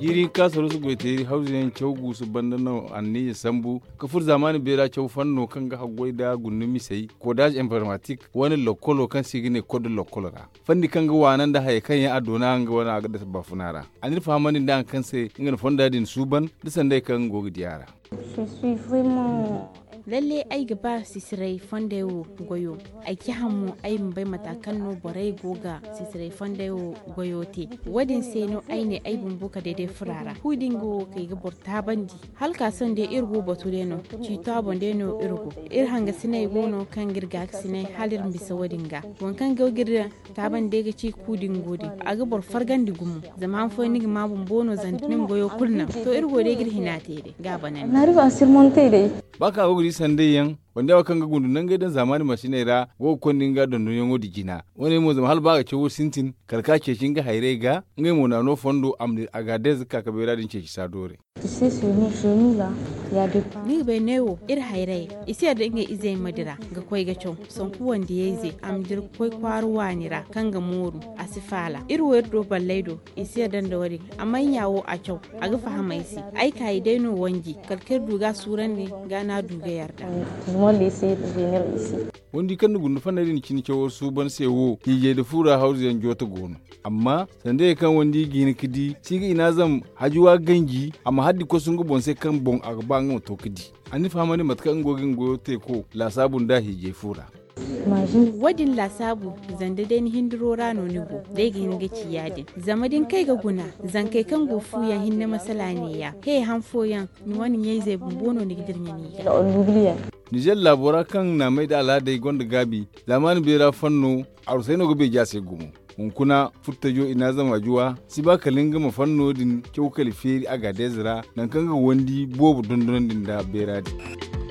jiri kasaru su goite hausiyan cewgu su banda na anni sambu kafur zamani bera kyau fanno kan ga hagwai da ko sai codage informatik wani lokolo kan ne kodin lokolo ra fanni kan ga wanan da haye kan ya adona ga wani aga da bafunara yi famani da kan sai ingin fonda din suban disan dai kan gogi diyara. je suis vraiment lalle ai gaba sisirai fondayo goyo aiki hamu ai mun bai matakan no borai goga sisirai fondayo goyo te wadin sai no ai ne ai bumbuka daidai furara hudingo kai ga borta bandi halka son da irgo no ci ta no irgo ir hanga sinai gono kan girga sinai halir bisa wadinga wankan gaugir ta ban da ga ci kudin gode a ga bor fargan gumu zaman fo ni ma bono zantin goyo kulna to irgo de girhinate te de ga banan na rufa sirmonte dai baka gogri Sendían. wanda wa kan gagundu nan gaidan zamani mashine ra go konnin ga don yon wadi gina wani mu zama halba ga ce wo sintin karka ke shin ga haire ga ngai mu na no fondo amni ka ka bera din ce ki sadore ni bai newo ir haire isi da inga izai madira ga koi ga chon son ku wanda yeze amdir koi kwaruwa nira kan ga moru asifala ir wer do ballaido isi da da wari amma yawo a kyau a ga fahamaisi ai kai daino wangi kalkar duga suran ne gana duga yarda comment laisser venir ici wondi kan na fanarin kini ban sewo je da fura hausa yan jota gono amma ya kan wandi gini kidi ga ina zan hajiwa gangi amma haddi ko sun gubon sai kan bon agba ngon to kidi ani famani matka matuka in te ko la lasabun da je fura wadin lasabu zanda den hinduro rano go dai ga hinga ciyadin zamadin kai ga guna zan kai kan gofu ya hinna masala ne ya Hei hanfoyan ni wani yayi zai bumbono ni gidirnya ni nijar labura kan na mai da alada gwanda gabi lamani bera fanno arsaino gobe ja sai gumu hunkuna jo ina zama juwa si ba kalin gama fanno din kyau kaliferi a gadezira nan kan wandi bobu dundunan din da bera din